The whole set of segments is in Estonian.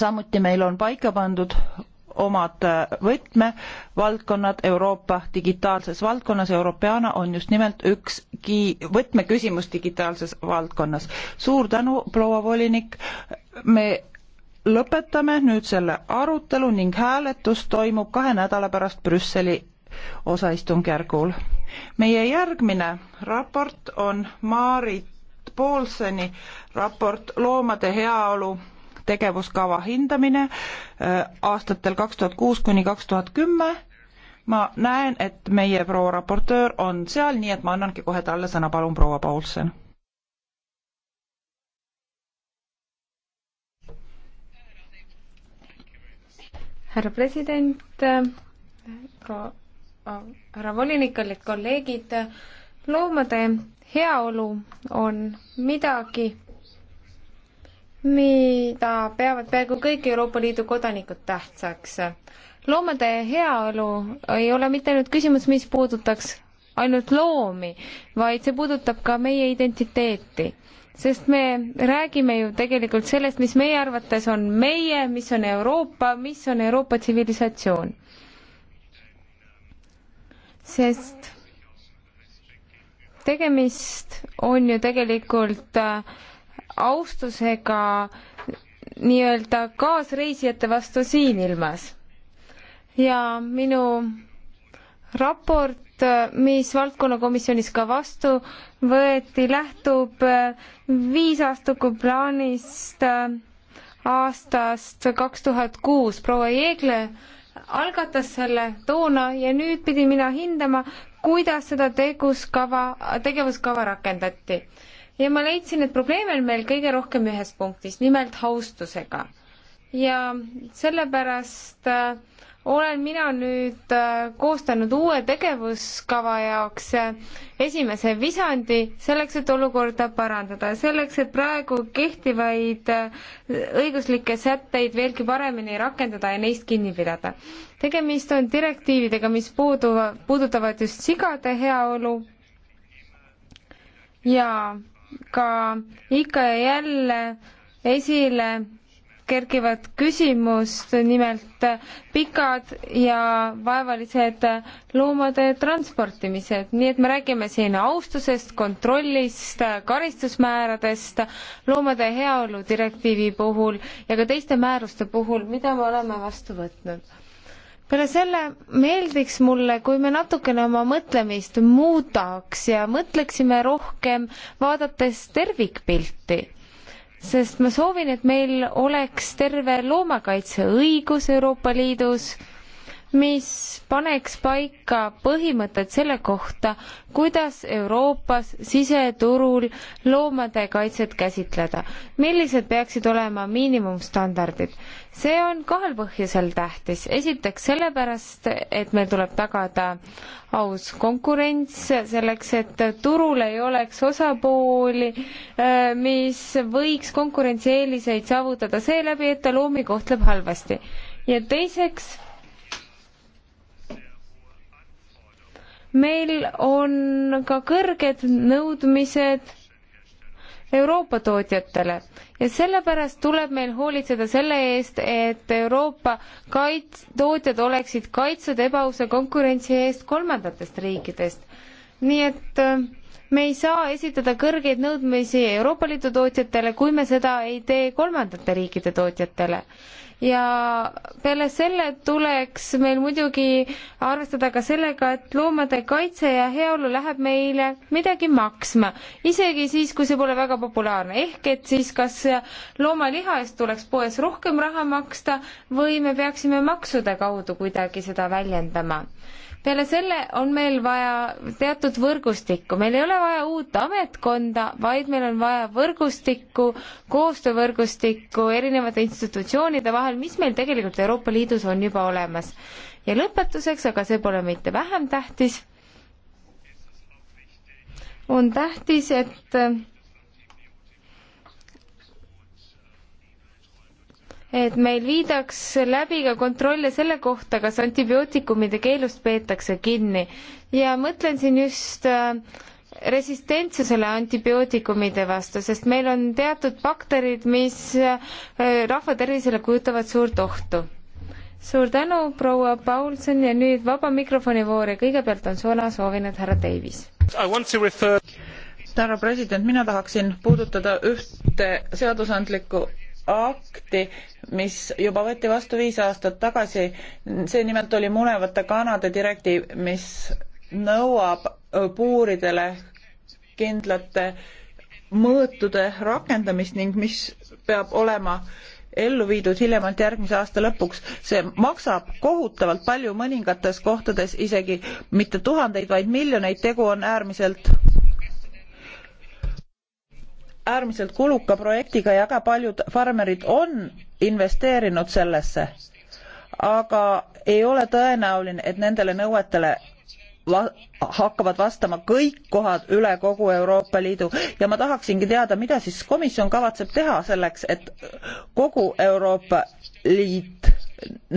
samuti meil on paika pandud omad äh, võtmevaldkonnad Euroopa digitaalses valdkonnas. Europeana on just nimelt üks võtmeküsimus digitaalses valdkonnas. suur tänu, proua volinik. me lõpetame nüüd selle arutelu ning hääletus toimub kahe nädala pärast Brüsseli osaistungjärgul. meie järgmine raport on Maarit Poolseni raport Loomade heaolu tegevuskava hindamine äh, aastatel kaks tuhat kuus kuni kaks tuhat kümme. ma näen, et meie proua raportöör on seal, nii et ma annangi kohe talle sõna, palun, proua Paulsen. härra president, ka äh, härra volinik, kallid kolleegid, loomade heaolu on midagi mida peavad peaaegu kõik Euroopa Liidu kodanikud tähtsaks. loomade heaolu ei ole mitte ainult küsimus, mis puudutaks ainult loomi, vaid see puudutab ka meie identiteeti. sest me räägime ju tegelikult sellest, mis meie arvates on meie, mis on Euroopa, mis on Euroopa tsivilisatsioon. sest tegemist on ju tegelikult äh, austusega nii-öelda kaasreisijate vastu siin ilmas. ja minu raport, mis valdkonnakomisjonis ka vastu võeti, lähtub äh, viisaastuku plaanist äh, aastast kaks tuhat kuus. proua Jeegle algatas selle toona ja nüüd pidin mina hindama, kuidas seda teguskava, tegevuskava rakendati ja ma leidsin, et probleeme on meil kõige rohkem ühes punktis, nimelt austusega. ja sellepärast äh, olen mina nüüd äh, koostanud uue tegevuskava jaoks äh, esimese visandi, selleks et olukorda parandada, selleks et praegu kehtivaid õiguslikke sätteid veelgi paremini rakendada ja neist kinni pidada. tegemist on direktiividega, mis puudu, puudutavad just sigade heaolu ja ka ikka ja jälle esile kerkivat küsimust, nimelt pikad ja vaevalised loomade transportimised, nii et me räägime siin austusest, kontrollist, karistusmääradest, loomade heaolu direktiivi puhul ja ka teiste määruste puhul, mida me oleme vastu võtnud peale selle meeldiks mulle, kui me natukene oma mõtlemist muudaks ja mõtleksime rohkem, vaadates tervikpilti. sest ma soovin, et meil oleks terve loomakaitseõigus Euroopa Liidus mis paneks paika põhimõtted selle kohta, kuidas Euroopas siseturul loomade kaitset käsitleda. millised peaksid olema miinimumstandardid? see on kahel põhjusel tähtis. esiteks sellepärast, et meil tuleb tagada aus konkurents selleks, et turul ei oleks osapooli, äh, mis võiks konkurentsieeliseid saavutada seeläbi, et ta loomi kohtleb halvasti. ja teiseks meil on ka kõrged nõudmised Euroopa tootjatele ja sellepärast tuleb meil hoolitseda selle eest, et Euroopa kaits-, tootjad oleksid kaitstud ebaausa konkurentsi eest kolmandatest riikidest. nii et äh, me ei saa esitada kõrgeid nõudmisi Euroopa Liidu tootjatele, kui me seda ei tee kolmandate riikide tootjatele ja peale selle tuleks meil muidugi arvestada ka sellega, et loomade kaitse ja heaolu läheb meile midagi maksma, isegi siis, kui see pole väga populaarne, ehk et siis kas loomaliha eest tuleks poes rohkem raha maksta või me peaksime maksude kaudu kuidagi seda väljendama peale selle on meil vaja teatud võrgustikku, meil ei ole vaja uut ametkonda, vaid meil on vaja võrgustikku, koostöövõrgustikku erinevate institutsioonide vahel, vahel, mis meil tegelikult Euroopa Liidus on juba olemas. ja lõpetuseks, aga see pole mitte vähem tähtis, on tähtis, et et meil viidaks läbi ka kontrolle selle kohta, kas antibiootikumide keelust peetakse kinni ja mõtlen siin just äh, resistentsusele antibiootikumide vastu, sest meil on teatud bakterid, mis äh, rahva tervisele kujutavad suurt ohtu. suur tänu, proua Paulson ja nüüd vaba mikrofoni voor ja kõigepealt on sõna soovinud härra Davis. härra president, mina tahaksin puudutada ühte seadusandlikku akti, mis juba võeti vastu viis aastat tagasi. see nimelt oli munevate kanade direktiiv, mis nõuab puuridele kindlate mõõtude rakendamist ning mis peab olema ellu viidud hiljemalt järgmise aasta lõpuks. see maksab kohutavalt palju mõningates kohtades isegi mitte tuhandeid, vaid miljoneid, tegu on äärmiselt äärmiselt kuluka projektiga ja väga paljud farmerid on investeerinud sellesse, aga ei ole tõenäoline, et nendele nõuetele va hakkavad vastama kõik kohad üle kogu Euroopa Liidu ja ma tahaksingi teada, mida siis komisjon kavatseb teha selleks, et kogu Euroopa Liit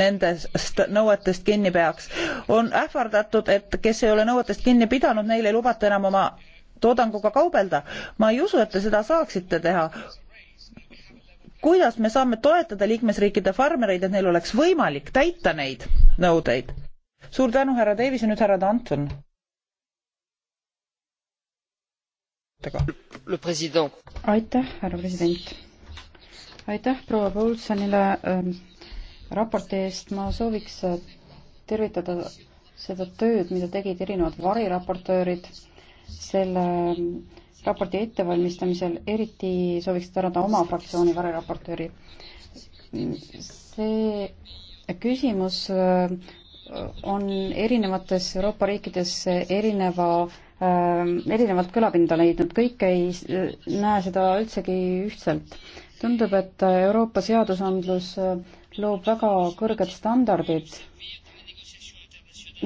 nendest nõuetest kinni peaks. on ähvardatud, et kes ei ole nõuetest kinni pidanud, neil ei lubata enam oma toodanguga kaubelda. ma ei usu, et te seda saaksite teha. kuidas me saame toetada liikmesriikide farmereid, et neil oleks võimalik täita neid nõudeid? suur tänu, härra Davis ja nüüd härra Danton. aitäh, härra president. aitäh proua Paulsonile ähm, raporti eest, ma sooviks äh, tervitada seda tööd, mida tegid erinevad variraportöörid selle ähm, raporti ettevalmistamisel, eriti sooviks tänada oma fraktsiooni variraportööri. see küsimus äh, on erinevates Euroopa riikides erineva ähm, erinevalt kõlapinda leidnud, kõik ei näe seda üldsegi ühtselt. tundub, et Euroopa seadusandlus äh, loob väga kõrged standardid,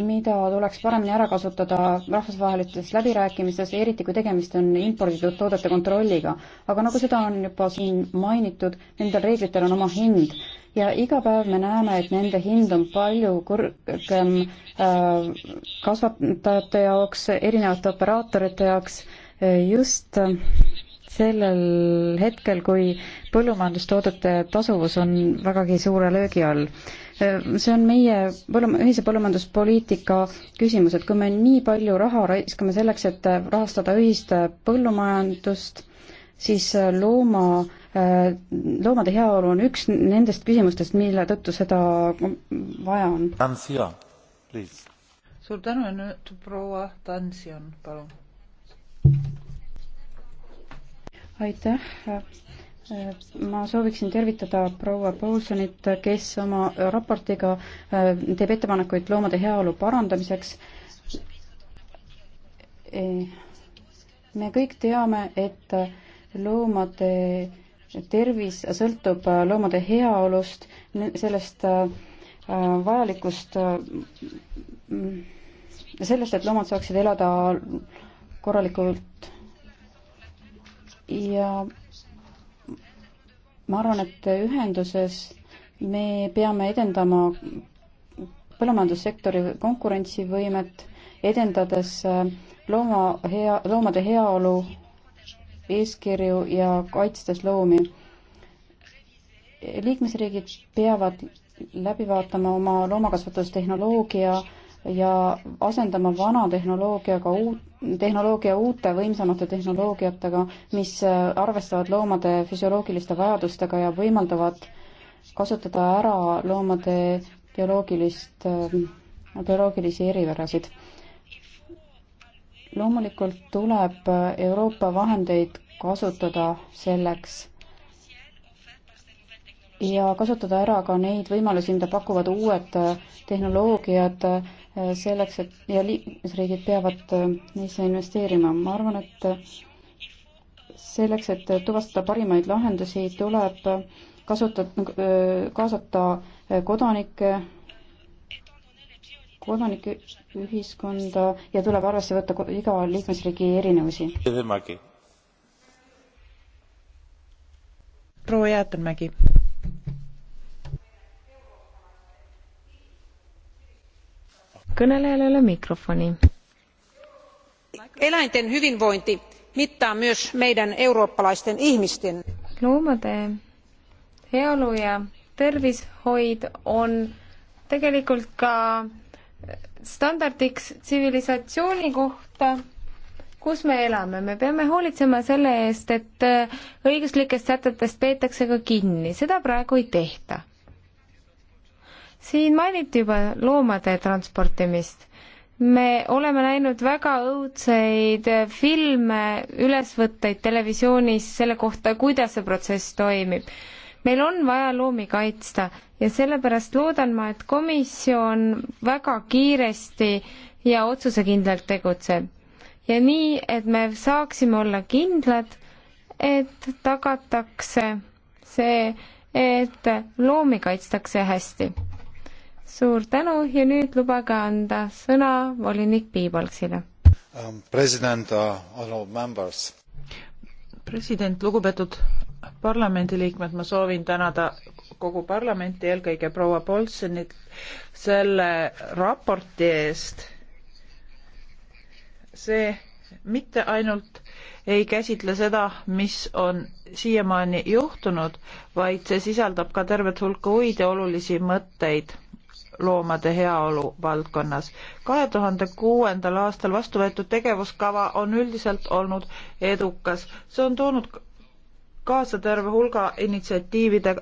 mida tuleks paremini ära kasutada rahvusvahelistes läbirääkimistes, eriti kui tegemist on imporditud toodete kontrolliga. aga nagu seda on juba siin mainitud, nendel reeglitel on oma hind ja iga päev me näeme, et nende hind on palju kõrgem äh, kasvatajate jaoks, erinevate operaatorite jaoks just sellel hetkel, kui põllumajandustoodete tasuvus on vägagi suure löögi all. Äh, see on meie põllum-, ühise põllumajanduspoliitika küsimus, et kui me nii palju raha raiskame selleks, et rahastada ühist põllumajandust, siis looma äh, Äh, loomade heaolu on üks nendest küsimustest, mille tõttu seda vaja on. suur tänu ja nüüd proua Tansion, palun. aitäh äh, ma sooviksin tervitada proua Paulsonit, kes oma raportiga äh, teeb ettepanekuid loomade heaolu parandamiseks. me kõik teame, et loomade tervis sõltub äh, loomade heaolust, sellest äh, äh, vajalikust, mm, sellest, et loomad saaksid elada korralikult ja ma arvan, et ühenduses me peame edendama põllumajandussektori konkurentsivõimet, edendades looma hea, loomade heaolu eeskirju ja kaitstes loomi. liikmesriigid peavad läbi vaatama oma loomakasvatustehnoloogia ja asendama vana tehnoloogiaga uut, tehnoloogia uute võimsamate tehnoloogiatega, mis arvestavad loomade füsioloogiliste vajadustega ja võimaldavad kasutada ära loomade bioloogilist, bioloogilisi erivärasid loomulikult tuleb Euroopa vahendeid kasutada selleks ja kasutada ära ka neid võimalusi, mida pakuvad uued tehnoloogiad selleks, et ja liikmesriigid peavad neisse investeerima. ma arvan, et selleks, et tuvastada parimaid lahendusi, tuleb kasutada, kaasata kodanikke kodanikuühiskonda ja tuleb arvesse võtta iga liikmesriigi erinevusi. proua Jäätenmägi. kõnelejal ei ole mikrofoni. eläinten hyvinvointi mittaa myös meidän eurooppalaisten ihmisten. loomade heaolu ja tervishoid on tegelikult ka standardiks tsivilisatsiooni kohta, kus me elame, me peame hoolitsema selle eest, et äh, õiguslikest sätetest peetakse ka kinni, seda praegu ei tehta. siin mainiti juba loomade transportimist. me oleme näinud väga õudseid äh, filme, ülesvõtteid televisioonis selle kohta, kuidas see protsess toimib meil on vaja loomi kaitsta ja sellepärast loodan ma, et komisjon väga kiiresti ja otsusekindlalt tegutseb. ja nii, et me saaksime olla kindlad, et tagatakse see, et loomi kaitstakse hästi. suur tänu ja nüüd lubage anda sõna volinik Piibalksile. Um, president, uh, president, lugupeetud parlamendiliikmed, ma soovin tänada kogu parlamenti, eelkõige proua Poltsenit selle raporti eest. see mitte ainult ei käsitle seda, mis on siiamaani juhtunud, vaid see sisaldab ka tervet hulka uid ja olulisi mõtteid loomade heaolu valdkonnas. kahe tuhande kuuendal aastal vastu võetud tegevuskava on üldiselt olnud edukas. see on toonud kaasa terve hulga initsiatiivide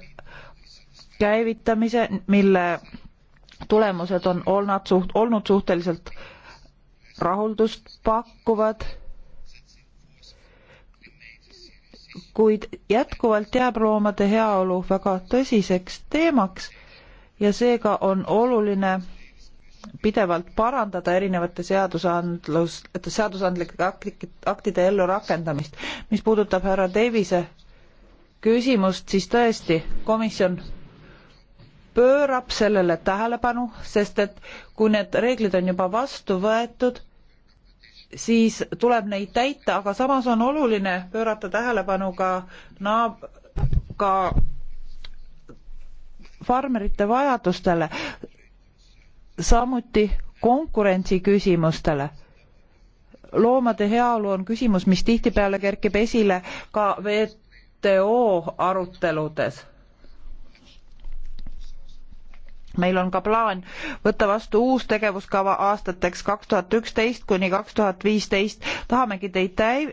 käivitamise, mille tulemused on olnud suht-, olnud suhteliselt rahuldust pakkuvad, kuid jätkuvalt jääb loomade heaolu väga tõsiseks teemaks ja seega on oluline pidevalt parandada erinevate seadusandlus, seadusandlike aktide ellurakendamist. mis puudutab härra Davise küsimust, siis tõesti, komisjon pöörab sellele tähelepanu, sest et kui need reeglid on juba vastu võetud, siis tuleb neid täita, aga samas on oluline pöörata tähelepanu ka naab-, ka farmerite vajadustele, samuti konkurentsi küsimustele. loomade heaolu on küsimus, mis tihtipeale kerkib esile ka veet-, WTO aruteludes. meil on ka plaan võtta vastu uus tegevuskava aastateks kaks tuhat üksteist kuni kaks tuhat viisteist. tahamegi teid täi-,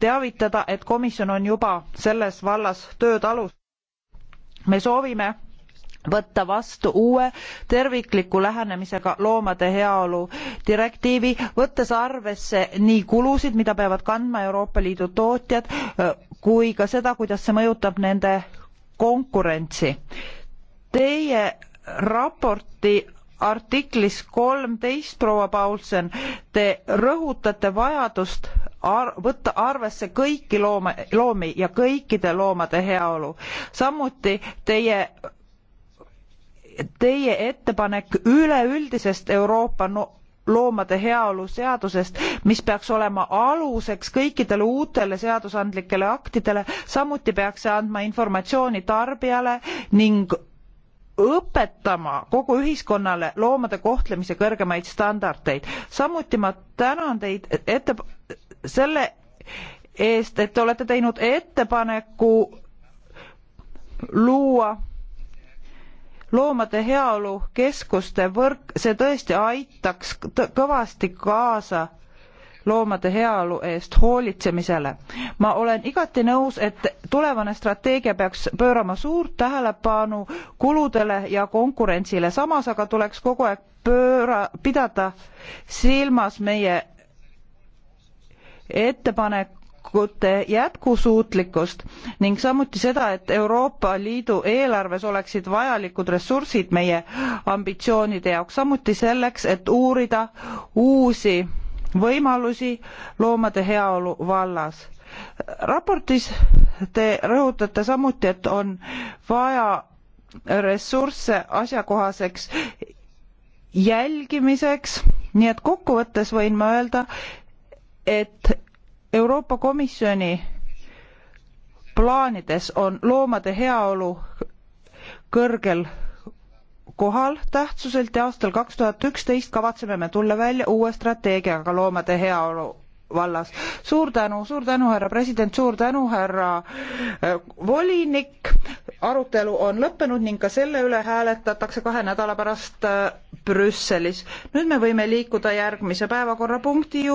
teavitada, et komisjon on juba selles vallas tööd alustanud. me soovime võtta vastu uue tervikliku lähenemisega loomade heaolu direktiivi võttes arvesse nii kulusid mida peavad kandma euroopa liidu tootjad kui ka seda, kuidas see mõjutab nende konkurentsi. Teie raporti artiklis kolmteist, proua Paulsen, te rõhutate vajadust ar võtta arvesse kõiki loome, loomi ja kõikide loomade heaolu. samuti teie teie ettepanek üleüldisest Euroopa no loomade heaolu seadusest mis peaks olema aluseks kõikidele uutele seadusandlikele aktidele samuti peaks see andma informatsiooni tarbijale ning õpetama kogu ühiskonnale loomade kohtlemise kõrgemaid standardeid samuti ma tänan teid ette selle eest et te olete teinud ettepaneku luua loomade heaolu keskuste võrk, see tõesti aitaks kõvasti kaasa loomade heaolu eest hoolitsemisele. ma olen igati nõus, et tulevane strateegia peaks pöörama suurt tähelepanu kuludele ja konkurentsile, samas aga tuleks kogu aeg pööra, pidada silmas meie ettepanek valikute jätkusuutlikkust ning samuti seda, et Euroopa Liidu eelarves oleksid vajalikud ressursid meie ambitsioonide jaoks, samuti selleks, et uurida uusi võimalusi loomade heaolu vallas. raportis te rõhutate samuti, et on vaja ressursse asjakohaseks jälgimiseks nii et kokkuvõttes võin ma öelda et Euroopa Komisjoni plaanides on loomade heaolu kõrgel kohal tähtsuselt ja aastal 2011 kavatseme me tulla välja uue strateegiaga loomade heaolu vallas. suur tänu, suur tänu, härra president, suur tänu, härra äh, volinik. arutelu on lõppenud ning ka selle üle hääletatakse kahe nädala pärast äh, Brüsselis. nüüd me võime liikuda järgmise päevakorrapunkti juurde.